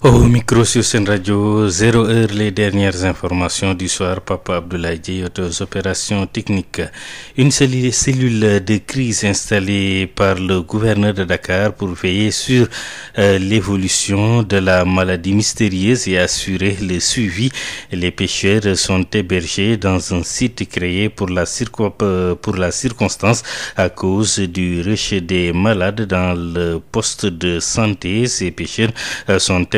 Au micro sur Sen Radio, zéro les dernières informations du soir, Papa Abdoulaye Dièye aux opérations techniques. Une cellule de crise installée par le gouverneur de Dakar pour veiller sur euh, l'évolution de la maladie mystérieuse et assurer le suivi. Les pêcheurs sont hébergés dans un site créé pour la euh, pour la circonstance à cause du rush des malades dans le poste de santé. Ces pêcheurs euh, sont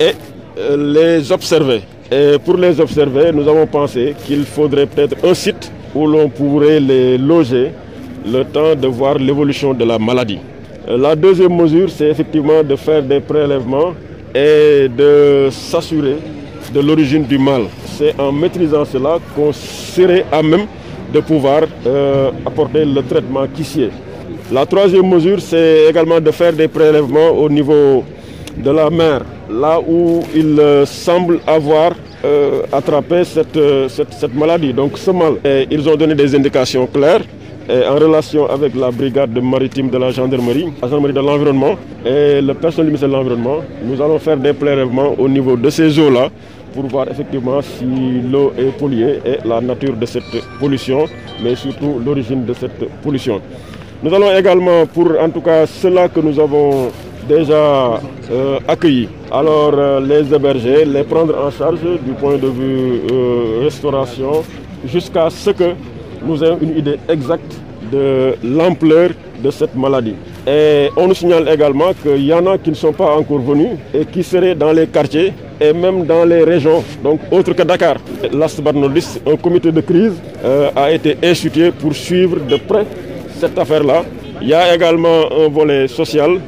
et euh, les observer. Et pour les observer, nous avons pensé qu'il faudrait peut-être un site où l'on pourrait les loger le temps de voir l'évolution de la maladie. Euh, la deuxième mesure, c'est effectivement de faire des prélèvements et de s'assurer de l'origine du mal. C'est en maîtrisant cela qu'on serait à même de pouvoir euh, apporter le traitement qui s'y est. La troisième mesure, c'est également de faire des prélèvements au niveau de la mer, là où il euh, semble avoir euh, attrapé cette, euh, cette, cette, maladie, donc ce mal. ils ont donné des indications claires. Et en relation avec la brigade maritime de la gendarmerie, de l'environnement et le personnel du de l'environnement, nous allons faire des prélèvements au niveau de ces eaux-là pour voir effectivement si l'eau est polluée et la nature de cette pollution, mais surtout l'origine de cette pollution. Nous allons également, pour en tout cas cela déjà euh, accueillis. Alors euh, les héberger, les prendre en charge du point de vue euh, restauration, jusqu'à ce que nous ayons une idée exacte de l'ampleur de cette maladie. Et on nous signale également qu'il y a qui ne sont pas encore venus et qui seraient dans les quartiers et même dans les régions, donc autres que Dakar. Last but not least, un comité de crise euh, a été institué pour suivre de près cette affaire-là. Il y a également un volet social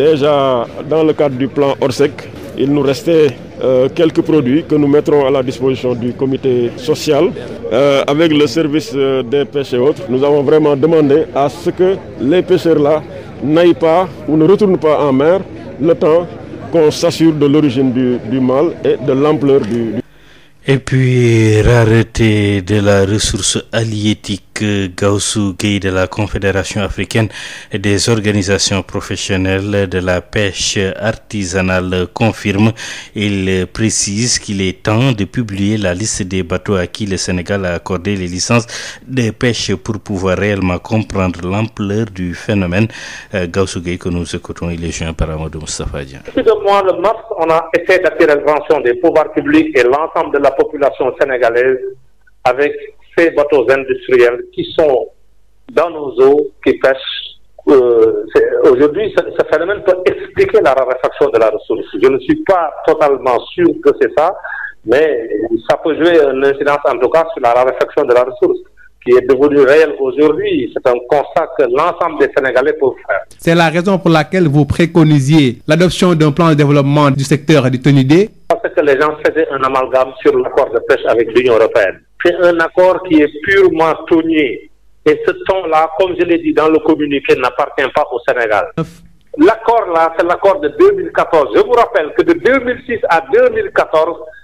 Déjà, dans le cadre du plan ORSEC, il nous restait euh, quelques produits que nous mettrons à la disposition du comité social. Euh, avec le service euh, des pêches et autres, nous avons vraiment demandé à ce que les pêcheurs-là n'aillent pas ou ne retournent pas en mer le temps qu'on s'assure de l'origine du, du, mal et de l'ampleur du, du... Et puis, rareté de la ressource halieutique ak Gaoussou Guèye de la Confédération africaine des organisations professionnelles de la pêche artisanale confirme il précise qu'il est temps de publier la liste des bateaux à qui le Sénégal a accordé les licences de pêche pour pouvoir réellement comprendre l'ampleur du phénomène euh, Gaoussou Guèye que nous écoutons il est joint par Amadou Moustapha Dieng. Depuis ces bateaux industriels qui sont dans nos eaux, qui pêchent. Euh, Aujourd'hui, ce, ce, phénomène peut expliquer la raréfaction de la ressource. Je ne suis pas totalement sûr que c'est ça, mais ça peut jouer une incidence en tout cas sur la raréfaction de la ressource qui est devenue réelle aujourd'hui. C'est un constat que l'ensemble des Sénégalais peuvent faire. C'est la raison pour laquelle vous préconisiez l'adoption d'un plan de développement du secteur c'est un accord qui est purement saunier. Et ce ton-là, comme je l'ai dit dans le communiqué, n'appartient pas au Sénégal. L'accord-là, c'est l'accord de Je vous rappelle que de à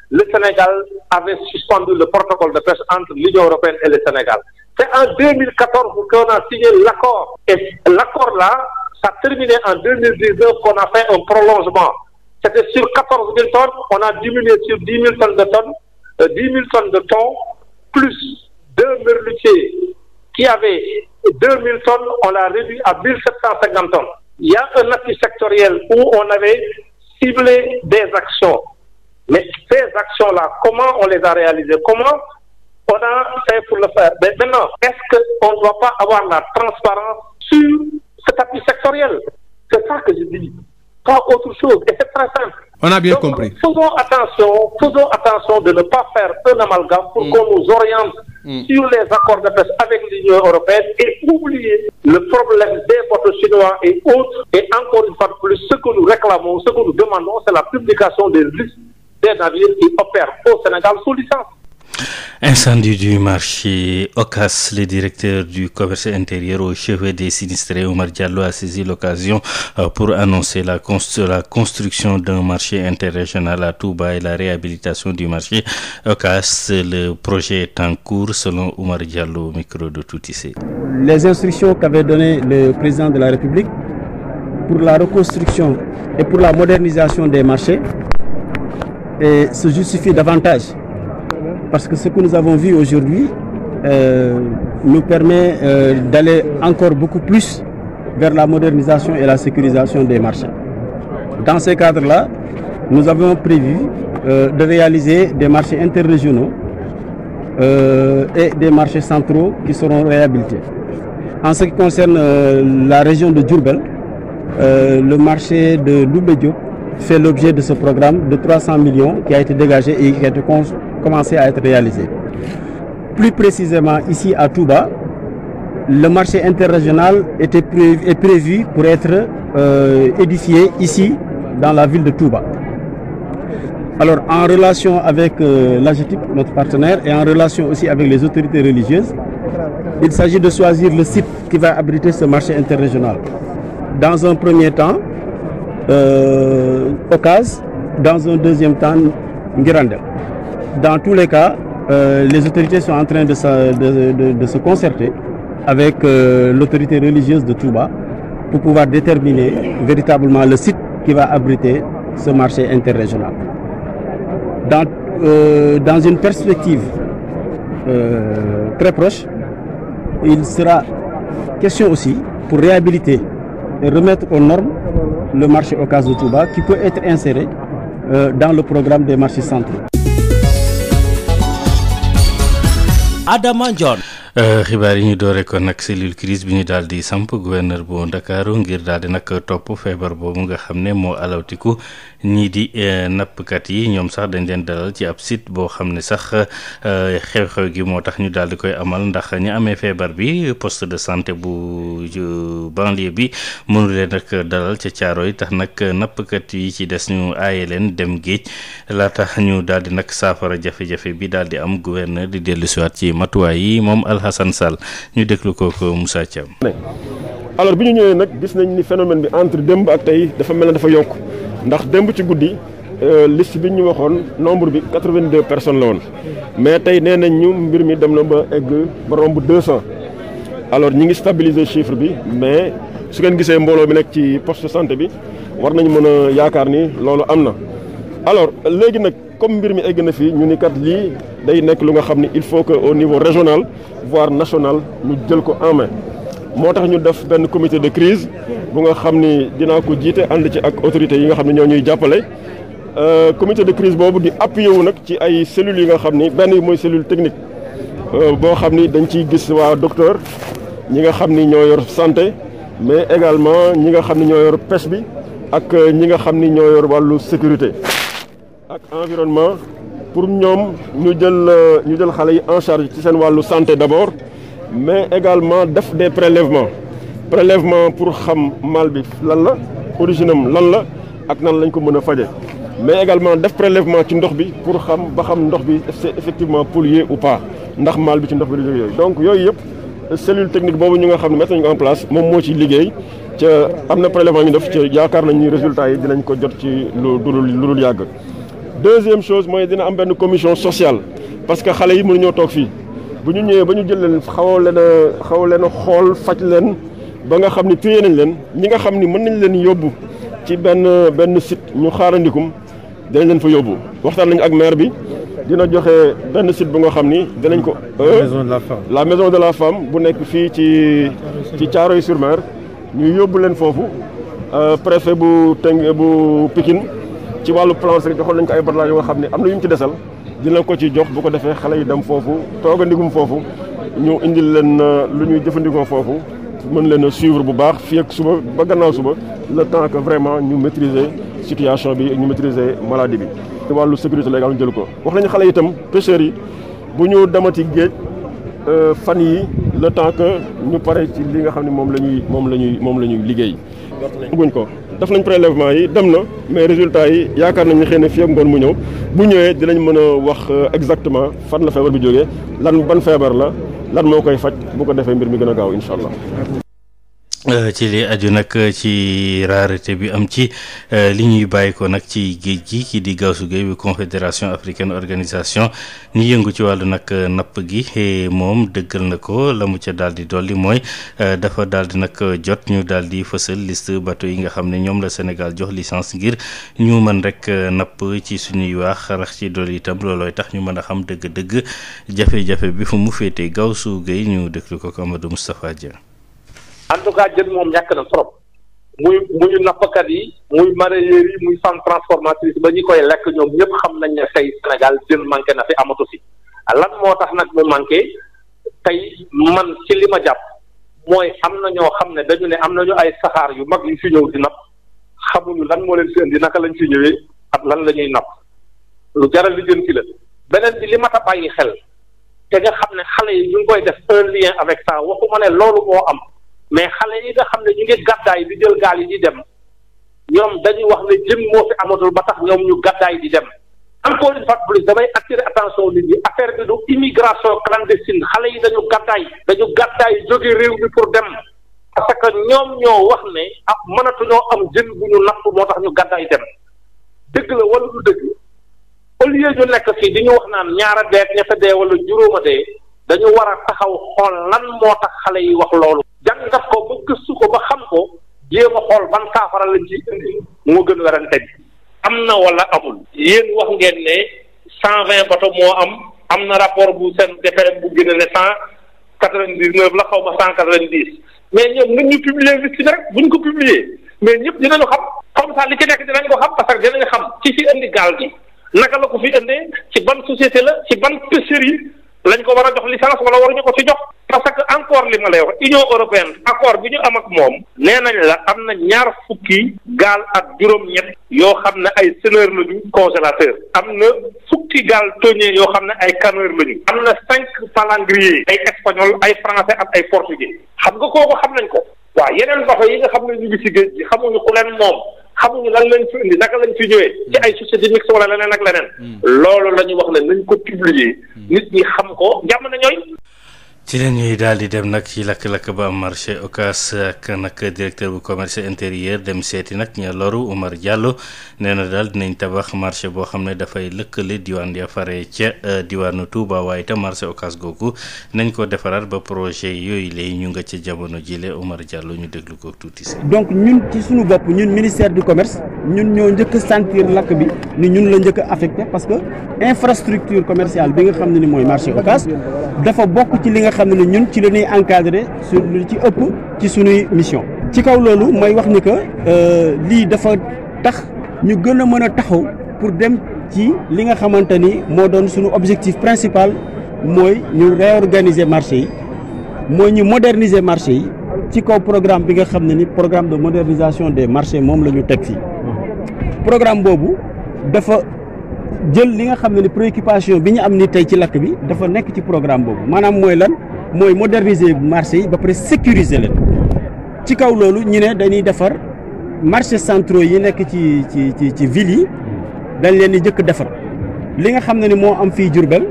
le Sénégal avait suspendu le protocole de pêche entre l'Union européenne et le Sénégal. C'est en qu'on a signé l'accord. Et l'accord-là, ça a en qu'on a fait un prolongement. C'était sur 14 000 tonnes, on a diminué sur 10 000 tonnes de tonnes, euh, 10 tonnes de plus deux merlutiers qui avaient 2000 tonnes, on l'a réduit à 1750 tonnes. Il y a un appui sectoriel où on avait ciblé des actions. Mais ces actions-là, comment on les a réalisées Comment on a fait pour le faire Mais Maintenant, est ne doit pas avoir la transparence sur cet appui sectoriel C'est ça que je dis, pas autre chose. Et c'est très simple. On a bien Donc, Faisons attention, de ne pas faire un amalgame pour mm. qu'on nous oriente mm. sur les accords de pêche avec l'Union européenne et oublier le problème des portes chinois et autres. Et encore une fois de plus, ce que nous réclamons, ce que nous demandons, c'est la publication des listes des navires qui opèrent au Sénégal sous licence. Incendie du marché Ocas, le directeur du commerce intérieur au chevet des sinistrés, Omar Diallo, a saisi l'occasion euh, pour annoncer la, constru construction d'un marché interrégional à Touba et la réhabilitation du marché Ocas. Le projet est en cours selon Omar Diallo, micro de Toutissé. Les instructions qu'avait données le président de la République pour la reconstruction et pour la modernisation des marchés et se justifient davantage parce que ce que nous avons vu aujourd'hui euh, nous permet euh, d'aller encore beaucoup plus vers la modernisation et la sécurisation des marchés. Dans ce cadre-là, nous avons prévu euh, de réaliser des marchés interrégionaux euh, et des marchés centraux qui seront réhabilités. En ce qui concerne euh, la région de Diourbel, le marché de Loubédiop fait l'objet de ce programme de 300 millions qui a été dégagé et qui a commencé à être réalisé. Plus précisément, ici à Touba, le marché interrégional était prévu, est prévu pour être euh, édifié ici, dans la ville de Touba. Alors, en relation avec euh, l'AGETIP, notre partenaire, et en relation aussi avec les autorités religieuses, il s'agit de choisir le site qui va abriter ce marché interrégional. Dans un premier temps, euh, dans un deuxième temps, Ngirandel. dans tous les cas, euh, les autorités sont en train de, de, de, de se concerter avec euh, l'autorité religieuse de Touba pour pouvoir déterminer véritablement le site qui va abriter ce marché interrégional. Dans, euh, dans une perspective euh, très proche, il sera question aussi pour réhabiliter et remettre aux normes le marché au cas de Touba qui peut être inséré euh, dans le programme des marchés centraux. Adama Ndione Euh, xibaar yi ñu doore ko nag cellule crise bi ñu daal di samp gouverneur bu Ndakaaru ngir daal di nag topp feebar boobu nga xam ne moo alawtiku ñii di euh, nappkat yi ñoom sax dañ leen dalal ci ab site boo xam ne sax euh, xew-xew gi moo tax ñu daal di koy amal ndax ñu amee feebar bi poste de santé bu banlieue bi mënu leen nag dalal ca caaro yi tax nag nappkat yi ci des ñu aaye leen dem géej laa tax ñu daal di nag saafara jafe-jafe bi daal di am gouverneur di dellu dellusiwaat ci matuwaay yi moom Hassan Sall ñu déglu kooku Moussa Thiam. alors bi ñu ñëwee nag gis nañ ni phénomène bi entre démb ak tey dafa mel ne dafa yokk ndax démb ci guddi euh, liste bi ñu waxoon nombre bi 82 personnes la woon mais tey nee nañ ñu mbir mi dem na ba egg ba romb 200 alors ñi ngi stabiliser chiffre bi mais su ngeen gisee mbooloo bi nekk ci poste santé bi war nañ mën a yaakaar ni loolu am na. alors léegi nag comme mbir mi egg na fii ñu ni kat lii day nekk lu nga xam ni il faut que au niveau régional voire national lu jël ko en moo tax ñu def benn comité de crise bu nga xam ni dinaa ko jiite ànd ci ak autorités yi nga xam ne ñoo ñuy jàppale euh, comité de crise boobu di appuyé wu nag ci ay cellules yi nga xam ni benn yi mooy cellule technique euh, boo xam ni dañ ciy gis waa docteur ñi nga xam ni ñoo yor santé mais également ñi nga xam ni ñoo yor pêche bi ak euh, ñi nga xam ni ñoo yor wàllu sécurité ak environnement pour ñoom ñu jël euh, ñu jël xale yi en charge ci seen wàllu santé d'abord mais également def des prélèvement prélèvement pour xam mal bi lan la origine am lan la ak nan lañ ko mën a faje mais également def prélèvement ci ndox bi pour xam ba xam ndox bi c'est effectivement pour ou pas ndax mal bi ci ndox bi la jóge yooyu donc yooyu yëpp cellule technique boobu ñu nga xam ne mettre nañu en place moom moo ci liggéey ca am na prélèvement ñu def ci yaakaar nañ ni résultat yi dinañ ko jot ci lu dul lu dul yàgg deuxième chose mooy dina am benn commission sociale parce que xale yi mënu ñoo toog fi bu ñu ñëwee ba ñu jël leen xaw leen a xaw leen a xool faj leen ba nga xam ni téye nañ leen ñi nga xam ni mën nañ leen yóbbu ci benn benn site ñu xaarandikum dinañ leen fa yóbbu waxtaan nañ ak maire bi dina joxe benn site bu nga xam ni dinañ ko. la euh, maison de la femme de la femme bu nekk fii ci ci Thiaroye sur Mer ñu yóbbu leen foofu euh, préfet bu Teng bu Pikine. ci wàllu plan rek joxoon nañ ko ay batelage yoo xam ne am na yu ci desal dinañ ko ci jox bu ko defee xale yi dem foofu toog a foofu ñu indil leen euh, lu ñuy jëfandikoo foofu mën leen a suivre bu baax fii ak suba ba gannaaw suba le temps que vraiment ñu maîtriser situation bi ñu maîtriser maladie bi. ci wàllu sécurité légale ñu jël ko wax nañu xale itam pêcheurs yi bu ñu demati géej euh, fan yi le temps que ñu pare ci li nga xam ne moom la ñuy moom la ñuy moom la ñuy liggéey. guñ ko def nañ prélèvement yi dem na mais résultat yi yaakaar nañ ne xëy fii ak ngoon mu ñëw bu ñëwee dinañ mën a wax euh, exactement fan la feebar bi jógee lan ban feebar la lan moo koy faj bu ko defee mbir mi gën a gaaw incha allah Euh, ci li aju nag euh, ci rareté bi am ci euh, li ñuy bàyyi ko nag ci géej gi kii di gaaw su Gueye bi confédération africaine organisation ñu yëngu ci wàllu nag napp gi moom dëggal na ko la mu ca daal di dolli mooy dafa daal di nag jot ñu daal di fësal liste bateau yi nga xam ne ñoom la Sénégal jox licence ngir ñu mën rek napp ci suñuy waax rax ci dolli itam loolooy tax ñu mën a xam dëgg-dëgg jafe-jafe bi fu mu féetee su géey ñu déglu ko ko Amadou Moustapha Dia en tout cas jën moom ñàkk na trop muy muy nappkat yi muy mareyeurs yi muy femme transformatrice ba ñu koy lekk ñoom ñëpp xam nañ ne tey Sénégal jën manqué na fi amatu fi lan moo tax nag mu manqué tey man ci li ma jàpp mooy am na ñoo xam ne dañu ne am nañu ay saxaar yu mag yu fi ñëw di napp xamuñu lan moo leen fi indi naka lañ fi ñëwee ak lan la ñuy napp lu jaral li jën ci la beneen bi li mat a xel te nga xam ne xale yi ñu koy def un lien avec ça waxuma loolu moo am. mais xale yi nga xam ne ñu ngi gàddaay bi jël gaal yi di dem ñoom dañuy wax ne jëm moo fi amatul ba tax ñoom ñu gàddaay di dem encore une fois plus damay attirer attention nit ñi du immigration clandestine xale yi dañu gàddaay dañu gàddaay jóge réew mi pour dem parce que ñoom ñoo wax ne ah mënatuñoo am jën bu ñu napp moo tax ñu gàddaay dem dëgg la wala du dëgg au lieu ñu nekk fii di ñu wax naan ñaara dee ñetta dee wala juróoma dee dañu war a taxaw xool lan moo tax xale yi wax loolu jàngat ko ba gëstu ko ba xam ko jéem a xool ban saafara lañ ci indi moo gën werante bi am na wala amul yéen wax ngeen ne cent vingt bato moo am am na rapport bu seen DPM bu gën a ne cent quatre-vingt-dix-neuf la xaw ma cent quatre-vingt-dix mais ñoom nañ ñu publier liste bi rek buñ ko publier mais ñëpp dinañu xam comme ça li ci nekk dinañ ko xam parce que dinañ xam ci fi indi gaal gi naka la ko fi indee ci ban société la ci ban yi lañ ko war a jox licence wala ñu ko ci jox parce que encore li ma lay wax union européenne accord bi ñu am ak moom nee nañ la am na ñaar fukki gaal ak juróom-ñett yoo xam ne ay senneur lañu congélateur am na fukki gaal tonnier yoo xam ne ay canoër lañu am na cinq palangrier ay espagnol ay français ak ay portugais xam nga kooku xam nañ ko waaw yeneen bateau yi nga xam ne ñu ngi ci géej gi xamuñu ku leen moom xamuñu lan leen fi indi naka lañ fi ñëwee ci ay société leneen ak leneen hmm. loolu la ñu wax ne nañ ko publier nit ñi xam ko jàmm na ñooy. ci leen ñuy daal di dem nag ci lakk-lakk ba am marché Ocass ak nag directeur bu commerce intérieur dem seeti nag ña loru Omar Diallo nee na daal dinañ tabax marché boo xam ne dafay lëkkale diwaan ya fare ca euh, diwaanu Touba waaye te marché Ocass googu nañ ko defaraat ba projet yooyu lay ñu nga ca jamono jile Omar Diallo ñu déglu ko tuuti si. donc ñun ci suñu bopp ñun ministère du commerce ñun ñoo njëkk sentir lakk bi ni ñun la njëkk affecté parce que infrastructure bi xam ne ne ñun ci la ñuy encadré su lu ci ëpp ci suñuy mission ci kaw loolu mooy wax ni que euh, lii dafa tax ñu gën a mën a taxaw pour dem ci li nga xamante ni moo doon suñu objectif principal mooy ñu réorganiser marché yi mooy ñu moderniser marché yi ci kaw programme bi nga xam ne ni programme de modernisation des marchés moom la ñu teg fii programme boobu dafa jël li nga xam ne ni préoccupation bi ñu am ni tey ci lakk bi dafa nekk ci programme boobu maanaam mooy lan mooy moderniser marché yi ba pare sécuriser leen ci kaw loolu ñu ne dañuy defar marché centraux yi nekk ci ci ci ci ville yi dañ leen di jëkk defar li nga xam ne ni moo am fii Diourbel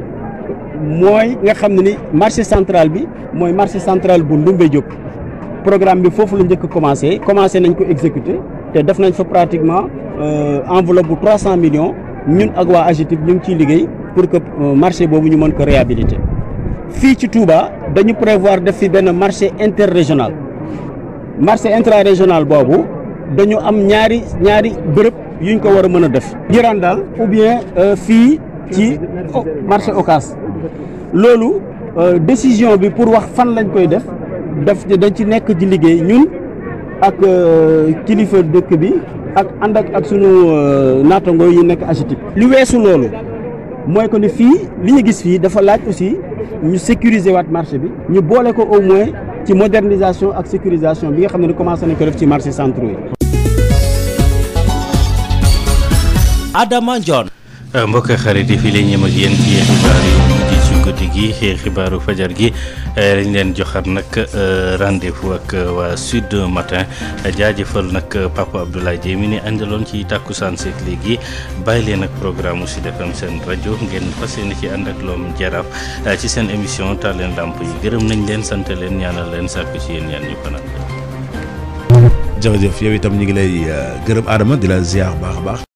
mooy nga xam ne ni marché central bi mooy marché central bu Ndoumbé Diop programme bi foofu la njëkk commencé commencé nañ ko exécuter te def nañ fa pratiquement euh, enveloppe bu trois cent millions ñun ak waa AGETIP ñu ngi ciy liggéey pour que euh, marché boobu ñu mën ko réabilité fii ci Touba dañu prévoir def fi benn marché interrégional marché régional boobu dañu am ñaari ñaari bërëb yu yuñ ko war a mën a def. Jirandal ou bien euh, fii ci marché Ocass loolu euh, décision bi pour wax fan lañ koy def daf dañ ci nekk di liggéey ñun ak euh, kilifa dëkk bi ak ànd ak ak sunu naatangoo yi nekk AGETIP. lu weesu loolu. mooy que ni fii li ñu gis fii dafa laaj aussi ñu sécuriser waat marché bi ñu boole ko au moins ci modernisation ak sécurisation bi nga xam ne commencé nañ ko def ci marché centraux yi. Adama Ndione. Euh, mbokk xarit yi fii la ñu yem ak gi xibaaru fajar gi eh, lañ leen joxaat nag eh, rendez-vous ak eh, waa Sud Matin jaajëfal nag Papa Abdoulaye Dieye mi ni àndaloon ci tàkku tàkkusaan seeg léegi bàyyi leen ak programme u Sud seen rajo ngeen fas yéene ci ànd ak loom jaraaf ci seen émission taal leen làmp yi gërëm nañ leen sante leen ñaanal leen sàkku ci yéen ñaan ñu fanaan jërëjëf yow itam ñu ngi lay gërëm Adama di la ziar baax a baax